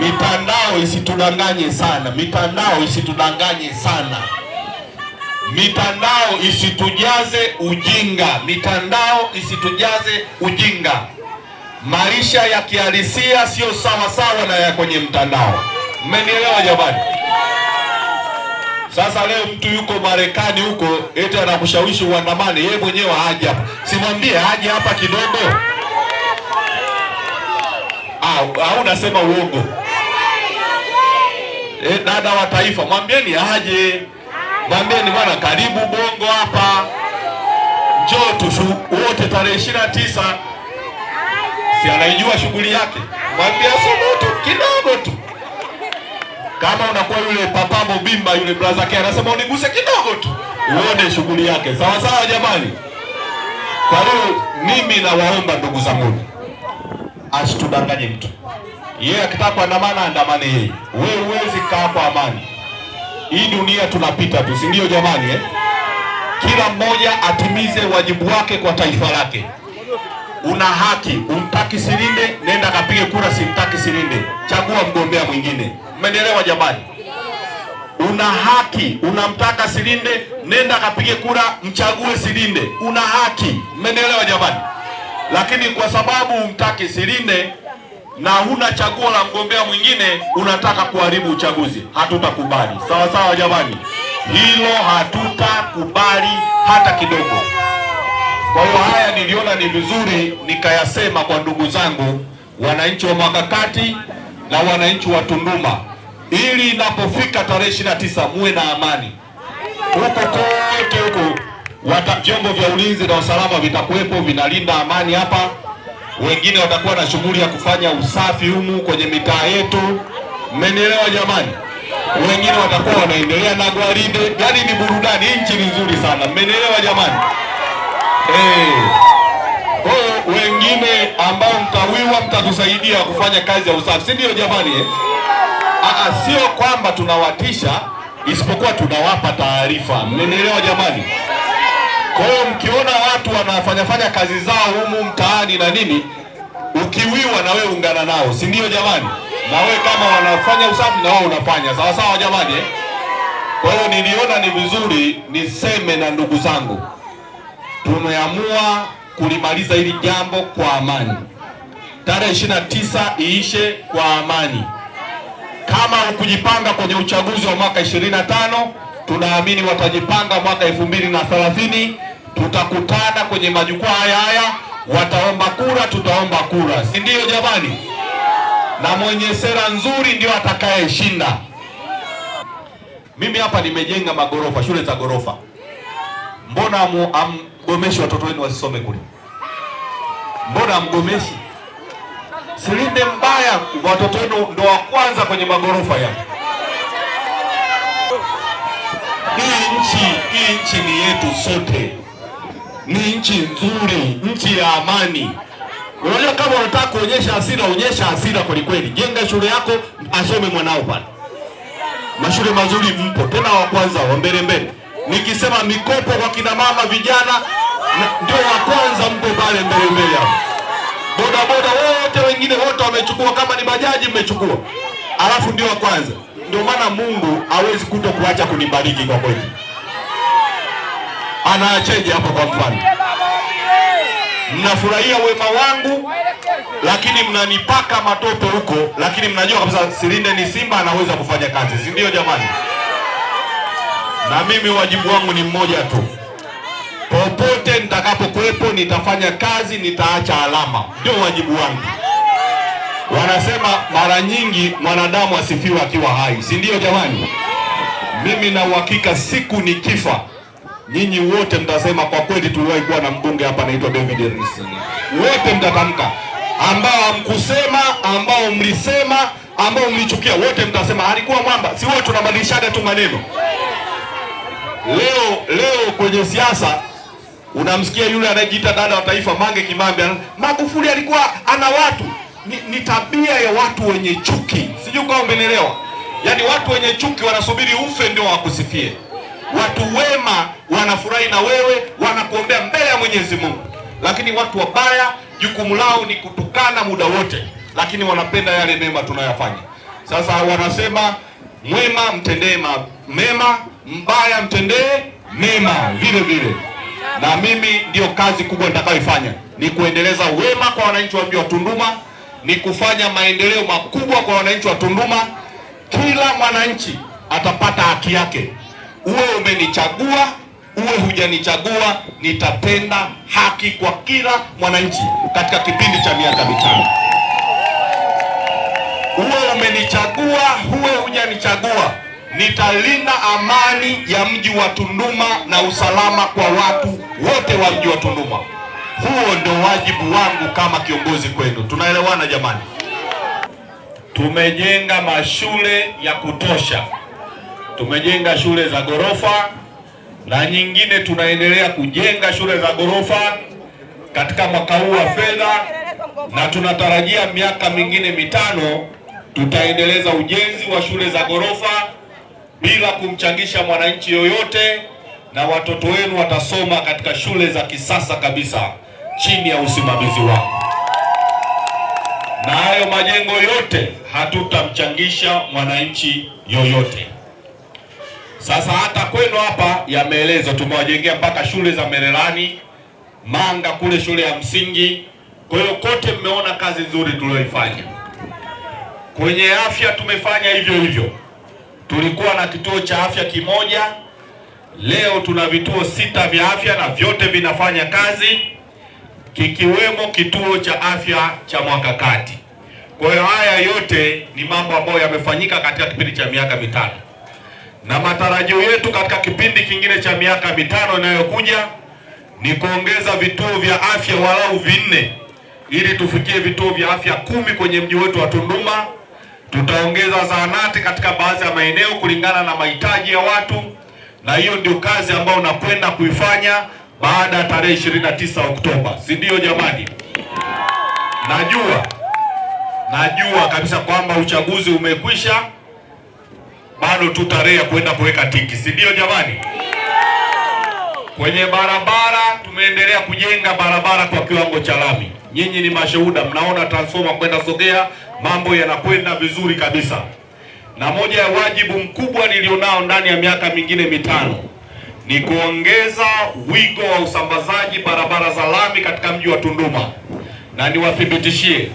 Mitandao isitudanganye sana, mitandao isitudanganye sana, mitandao isitujaze ujinga, mitandao isitujaze ujinga. Maisha ya kihalisia sio sawa sawa na ya kwenye mtandao. Mmenielewa jamani? Sasa leo mtu yuko Marekani huko eti anakushawishi uandamane, yeye mwenyewe aje hapa, simwambie aje hapa kidogo ah, au unasema uongo? eh, dada wa taifa, mwambieni aje, mwambieni bwana, karibu Bongo hapa, njoo tu wote tarehe ishirini na tisa. Si anaijua shughuli yake, mwambie subutu kidogo tu, kama unakuwa yule papambo bimba yule brother yake anasema uniguse kidogo tu uone shughuli yake, sawa sawa jamani. Kwa hiyo mimi nawaomba ndugu zangu, asitudanganye mtu yeye akitaka kuandamana andamane yeye, wewe huwezi kaa kwa amani. Hii dunia tunapita tu, si ndio jamani eh? Kila mmoja atimize wajibu wake kwa taifa lake. Una haki, umtaki Silinde, nenda kapige kura. Simtaki Silinde, chagua mgombea mwingine. Mmenielewa jamani? Una haki, unamtaka Silinde, nenda kapige kura, mchague Silinde. Una haki, mmenielewa jamani? Lakini kwa sababu umtaki Silinde na huna chaguo la mgombea mwingine, unataka kuharibu uchaguzi. Hatutakubali, sawa sawa jamani, hilo hatutakubali hata kidogo. Kwa hiyo haya niliona ni vizuri nikayasema kwa ndugu zangu wananchi wa Mwakakati na wananchi wa Tunduma, ili inapofika tarehe ishirini na tisa muwe na amani huko kote huko, vyombo vya ulinzi na usalama vitakuwepo vinalinda amani hapa wengine watakuwa na shughuli ya kufanya usafi humu kwenye mitaa yetu, mmenielewa jamani? Wengine watakuwa wanaendelea na gwaride, yaani ni burudani. Nchi ni nzuri sana, mmenielewa jamani? Eh. Kwa hiyo wengine ambao mtawiwa mtatusaidia kufanya kazi ya usafi, si ndio jamani eh? Aa, sio kwamba tunawatisha, isipokuwa tunawapa taarifa, mmenielewa jamani? Kwa hiyo mkiona watu wanafanyafanya kazi zao humu mtaani na nini, ukiwiwa na wewe ungana nao, si ndio jamani? Na wewe kama wanafanya usafi na wewe unafanya sawa sawa, jamani eh? Kwa hiyo niliona ni vizuri niseme na ndugu zangu, tumeamua kulimaliza hili jambo kwa amani. Tarehe ishirini na tisa iishe kwa amani. Kama hukujipanga kwenye uchaguzi wa mwaka 25 tunaamini watajipanga mwaka elfu mbili na thelathini tutakutana kwenye majukwaa haya haya, wataomba kura, tutaomba kura, si ndio jamani? Na mwenye sera nzuri ndio atakayeshinda. Mimi hapa nimejenga magorofa, shule za gorofa, mbona amgomeshi watoto wenu wasisome kule? Mbona amgomeshi? Silinde mbaya, watoto wenu ndo wa kwanza kwenye magorofa ya hii nchi. Hii nchi ni yetu sote ni nchi nzuri, nchi ya amani. Unajua, kama unataka kuonyesha hasira, onyesha hasira kweli kweli. Jenga shule yako, asome mwanao pale. Mashule mazuri mpo, tena wa kwanza wa mbele mbele. Nikisema mikopo kwa kina mama, vijana ndio wa kwanza, mpo pale mbele mbele hapo. Boda boda wote wengine wote wamechukua, kama ni bajaji mmechukua, alafu ndio wa kwanza. Ndio maana Mungu hawezi kuto kuacha kunibariki kwa kweli anaacheje hapa? Kwa mfano, mnafurahia wema wangu, lakini mnanipaka matope huko, lakini mnajua kabisa Silinde ni simba, anaweza kufanya kazi, si ndio jamani? Na mimi wajibu wangu ni mmoja tu, popote nitakapokuwepo nitafanya kazi, nitaacha alama, ndio wajibu wangu. Wanasema mara nyingi mwanadamu asifiwe akiwa hai, si ndio jamani? Mimi na uhakika siku nikifa nyinyi wote mtasema kwa kweli tuliwahi kuwa na mbunge hapa anaitwa David Risi. Wote mtatamka ambao hamkusema, ambao mlisema, ambao mlichukia, wote mtasema alikuwa mwamba. Si wote tunabadilishana tu maneno. Leo leo kwenye siasa unamsikia yule anayejiita dada wa taifa Mange Kimambi, Magufuli alikuwa ana watu ni, ni tabia ya watu wenye chuki. Sijui kama umenielewa. Yaani watu wenye chuki wanasubiri ufe ndio wakusifie. Watu wema wanafurahi na wewe, wanakuombea mbele ya Mwenyezi Mungu, lakini watu wabaya jukumu lao ni kutukana muda wote, lakini wanapenda yale mema tunayofanya. Sasa wanasema mwema mtendee mema, mbaya mtendee mema vile vile. Na mimi ndiyo kazi kubwa nitakayoifanya ni kuendeleza wema kwa wananchi wa mji wa Tunduma, ni kufanya maendeleo makubwa kwa wananchi wa Tunduma. Kila mwananchi atapata haki yake uwe umenichagua uwe hujanichagua, nitatenda haki kwa kila mwananchi katika kipindi cha miaka mitano. Uwe umenichagua uwe hujanichagua, nitalinda amani ya mji wa Tunduma na usalama kwa watu wote wa mji wa Tunduma. Huo ndio wajibu wangu kama kiongozi kwenu. Tunaelewana jamani? Tumejenga mashule ya kutosha tumejenga shule za ghorofa na nyingine tunaendelea kujenga shule za ghorofa katika mwaka huu wa fedha, na tunatarajia miaka mingine mitano tutaendeleza ujenzi wa shule za ghorofa bila kumchangisha mwananchi yoyote, na watoto wenu watasoma katika shule za kisasa kabisa chini ya usimamizi wako na hayo majengo yote hatutamchangisha mwananchi yoyote. Sasa hata kwenu hapa yameelezwa, tumewajengea mpaka shule za Merelani, Manga kule shule ya msingi. Kwa hiyo kote mmeona kazi nzuri tuliyoifanya. Kwenye afya tumefanya hivyo hivyo, tulikuwa na kituo cha afya kimoja, leo tuna vituo sita vya afya na vyote vinafanya kazi, kikiwemo kituo cha afya cha Mwakakati. Kwa hiyo haya yote ni mambo ambayo yamefanyika katika kipindi cha miaka mitano na matarajio yetu katika kipindi kingine cha miaka mitano inayokuja ni kuongeza vituo vya afya walau vinne ili tufikie vituo vya afya kumi kwenye mji wetu wa Tunduma. Tutaongeza zahanati katika baadhi ya maeneo kulingana na mahitaji ya watu, na hiyo ndio kazi ambayo unakwenda kuifanya baada ya tarehe 29 Oktoba, si ndio jamani? Najua, najua kabisa kwamba uchaguzi umekwisha bado tu tarehe ya kuenda kuweka tiki, si ndio jamani? Kwenye barabara tumeendelea kujenga barabara kwa kiwango cha lami. Nyinyi ni mashuhuda, mnaona transformer kwenda Sogea, mambo yanakwenda vizuri kabisa. Na moja ya wajibu mkubwa nilionao ndani ya miaka mingine mitano ni kuongeza wigo wa usambazaji barabara za lami katika mji wa Tunduma, na niwathibitishie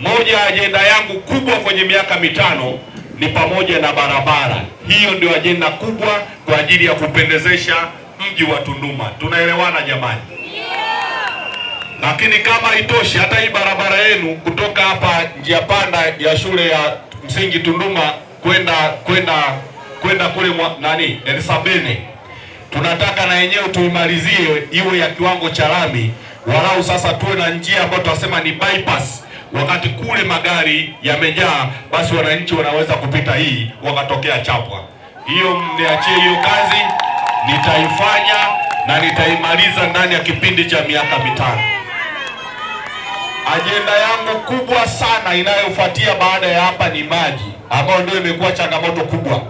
moja ya ajenda yangu kubwa kwenye miaka mitano ni pamoja na barabara. Hiyo ndio ajenda kubwa kwa ajili ya kupendezesha mji wa Tunduma. Tunaelewana jamani? Lakini kama itoshi, hata hii barabara yenu kutoka hapa njia panda ya shule ya msingi Tunduma kwenda kwenda kwenda kule nani Elisabene, tunataka na yenyewe tuimalizie iwe ya kiwango cha lami, walau sasa tuwe na njia ambayo tunasema ni bypass Wakati kule magari yamejaa, basi wananchi wanaweza kupita hii wakatokea Chapwa. Hiyo mniachie hiyo kazi, nitaifanya na nitaimaliza ndani ya kipindi cha miaka mitano. Ajenda yangu kubwa sana inayofuatia baada ya hapa ni maji, ambayo ndio imekuwa changamoto kubwa.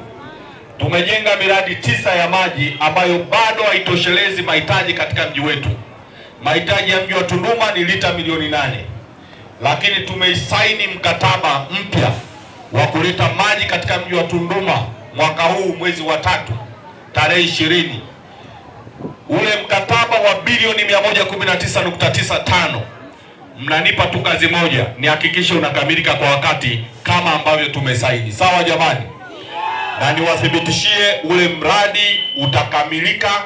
Tumejenga miradi tisa ya maji ambayo bado haitoshelezi mahitaji katika mji wetu. Mahitaji ya mji wa Tunduma ni lita milioni nane lakini tumeisaini mkataba mpya wa kuleta maji katika mji wa Tunduma mwaka huu mwezi wa tatu tarehe ishirini. Ule mkataba wa bilioni 119.95 mnanipa tu kazi moja, nihakikishe unakamilika kwa wakati kama ambavyo tumesaini. Sawa jamani? Na niwathibitishie ule mradi utakamilika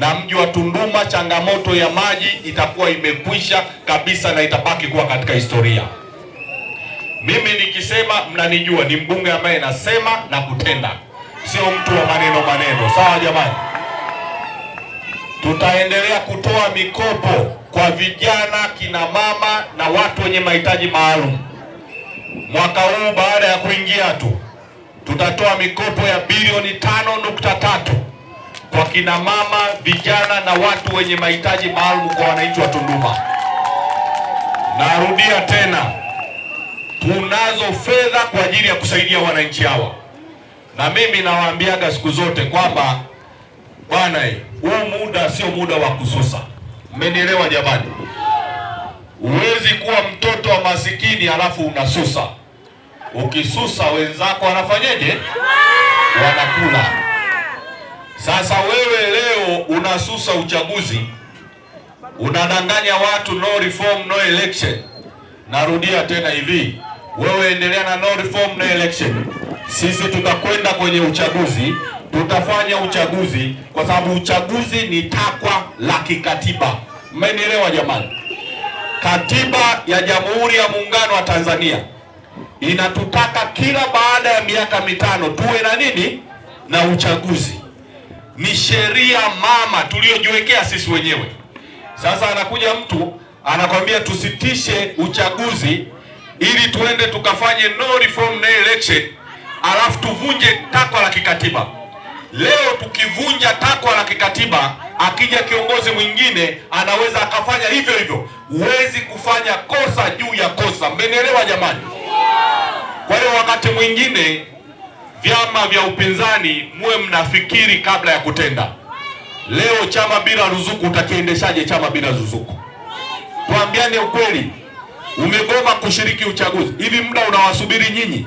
na mji wa Tunduma changamoto ya maji itakuwa imekwisha kabisa na itabaki kuwa katika historia. Mimi nikisema mnanijua, ni mbunge ambaye nasema na kutenda, sio mtu wa maneno maneno. Sawa jamani, tutaendelea kutoa mikopo kwa vijana, kina mama na watu wenye mahitaji maalum. Mwaka huu baada ya kuingia tu tutatoa mikopo ya bilioni tano nukta tatu kwa kina mama, vijana na watu wenye mahitaji maalum kwa wananchi wa Tunduma. Narudia tena, tunazo fedha kwa ajili ya kusaidia wananchi hawa, na mimi nawaambiaga siku zote kwamba bwana, huu muda sio muda wa kususa. Mmenielewa jamani? Huwezi kuwa mtoto wa masikini halafu unasusa. Ukisusa wenzako wanafanyeje? Wanakula. Sasa wewe leo unasusa uchaguzi, unadanganya watu no reform no election. Narudia tena hivi, wewe endelea na no reform no election. Sisi tutakwenda kwenye uchaguzi, tutafanya uchaguzi kwa sababu uchaguzi ni takwa la kikatiba. Mmenielewa jamani? Katiba ya Jamhuri ya Muungano wa Tanzania inatutaka kila baada ya miaka mitano tuwe na nini? Na uchaguzi ni sheria mama tuliyojiwekea sisi wenyewe. Sasa anakuja mtu anakwambia tusitishe uchaguzi ili tuende tukafanye no reform no election, alafu tuvunje takwa la kikatiba. Leo tukivunja takwa la kikatiba, akija kiongozi mwingine anaweza akafanya hivyo hivyo. Huwezi kufanya kosa juu ya kosa, mmenielewa jamani? Kwa hiyo wakati mwingine vyama vya upinzani muwe mnafikiri kabla ya kutenda. Leo chama bila ruzuku, utakiendeshaje chama bila ruzuku? Tuambiane ukweli, umegoma kushiriki uchaguzi. Hivi muda unawasubiri nyinyi,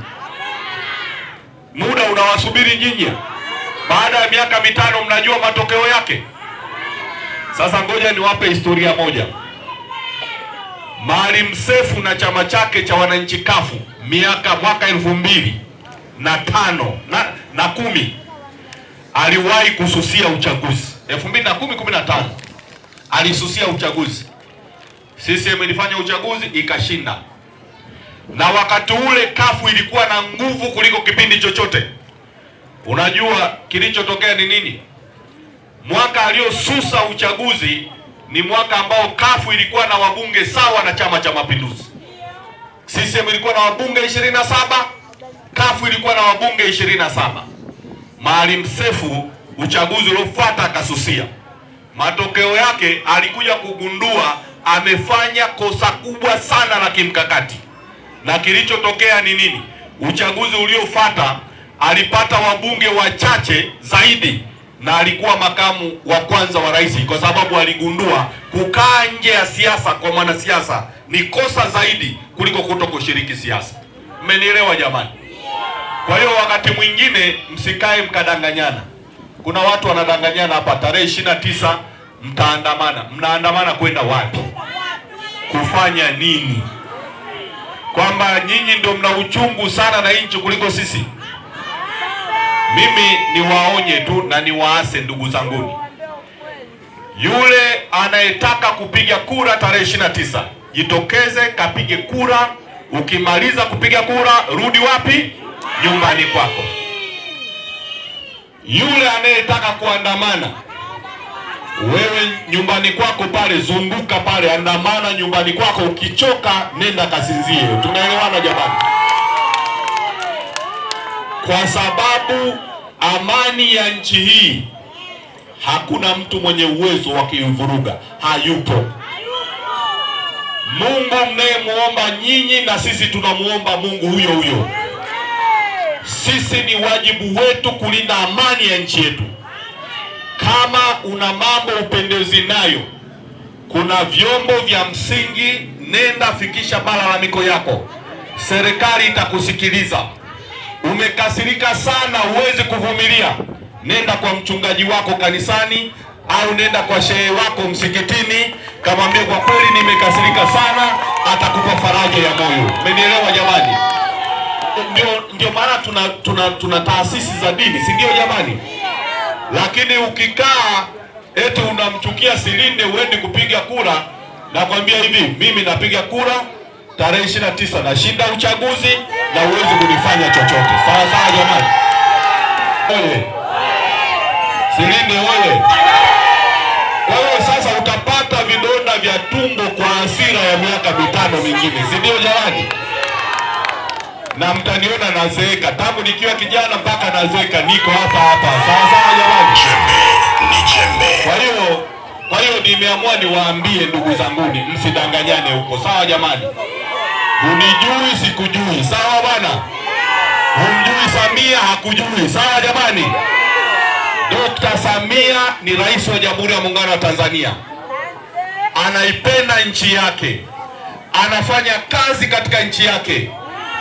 muda unawasubiri nyinyi. Baada ya miaka mitano, mnajua matokeo yake. Sasa ngoja niwape historia moja. Maalim Sefu na chama chake cha wananchi kafu miaka mwaka elfu mbili na tano na, na kumi aliwahi kususia uchaguzi elfu mbili na kumi kumi na tano alisusia uchaguzi. CCM ilifanya uchaguzi ikashinda, na wakati ule kafu ilikuwa na nguvu kuliko kipindi chochote. Unajua kilichotokea ni nini? Mwaka aliosusa uchaguzi ni mwaka ambao kafu ilikuwa na wabunge sawa na chama cha mapinduzi. CCM ilikuwa na wabunge ishirini na saba Kafu ilikuwa na wabunge 27. Maalim Sefu uchaguzi uliofuata akasusia. Matokeo yake alikuja kugundua amefanya kosa kubwa sana la kimkakati, na kilichotokea ni nini? Uchaguzi uliofuata alipata wabunge wachache zaidi, na alikuwa makamu wa kwanza wa rais, kwa sababu aligundua kukaa nje ya siasa kwa mwanasiasa ni kosa zaidi kuliko kuto kushiriki siasa. Mmenielewa jamani? Kwa hiyo wakati mwingine msikae mkadanganyana. Kuna watu wanadanganyana hapa, tarehe ishirini na tisa mtaandamana. Mnaandamana kwenda wapi? Kufanya nini? Kwamba nyinyi ndio mna uchungu sana na nchi kuliko sisi? Mimi niwaonye tu na niwaase ndugu zanguni, yule anayetaka kupiga kura tarehe ishirini na tisa jitokeze kapige kura. Ukimaliza kupiga kura, rudi wapi? nyumbani kwako. Yule anayetaka kuandamana wewe nyumbani kwako pale, zunguka pale, andamana nyumbani kwako. Ukichoka nenda kasinzie. Tunaelewana jamani? Kwa sababu amani ya nchi hii hakuna mtu mwenye uwezo wa kuivuruga, hayupo. Mungu mnayemwomba nyinyi na sisi tunamwomba Mungu huyo huyo. Sisi ni wajibu wetu kulinda amani ya nchi yetu. Kama una mambo upendezi nayo, kuna vyombo vya msingi, nenda fikisha malalamiko yako, serikali itakusikiliza. Umekasirika sana, huwezi kuvumilia, nenda kwa mchungaji wako kanisani au nenda kwa shehe wako msikitini, kamwambie kwa kweli nimekasirika sana, atakupa faraja ya moyo. Mmenielewa jamani? ndio ndio maana tuna, tuna, tuna taasisi za dini si ndio jamani? Lakini ukikaa eti unamchukia Silinde uende kupiga kura, nakwambia hivi, mimi napiga kura tarehe ishirini na tisa nashinda uchaguzi na uwezi kunifanya chochote. Sawa sawa jamani? Oye Silinde oye! Kwa hiyo sasa utapata vidonda vya tumbo kwa hasira ya miaka mitano mingine, si ndio jamani? na mtaniona nazeeka, tangu nikiwa kijana mpaka nazeeka, niko hapa hapa. Sawa sawa jamani. Kwa hiyo kwa hiyo nimeamua niwaambie ndugu zanguni, msidanganyane huko, sawa jamani. Unijui sikujui, sawa bwana. Humjui Samia hakujui, sawa jamani. Dr. Samia ni rais wa Jamhuri ya Muungano wa Tanzania, anaipenda nchi yake, anafanya kazi katika nchi yake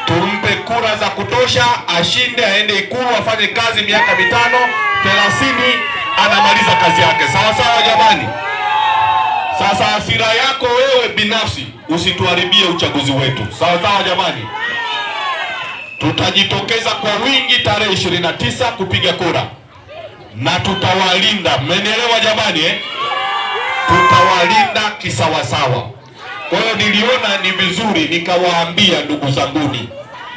tumpe kura za kutosha, ashinde, aende Ikulu, afanye kazi miaka mitano, thelathini anamaliza kazi yake. Sawa sawa, jamani. Sasa hasira yako wewe binafsi usituharibie uchaguzi wetu. Sawa sawa, jamani. Tutajitokeza kwa wingi tarehe 29 kupiga kura na tutawalinda. Mmenielewa jamani eh? Tutawalinda kisawasawa. Kwa hiyo niliona ni vizuri nikawaambia ndugu zanguni.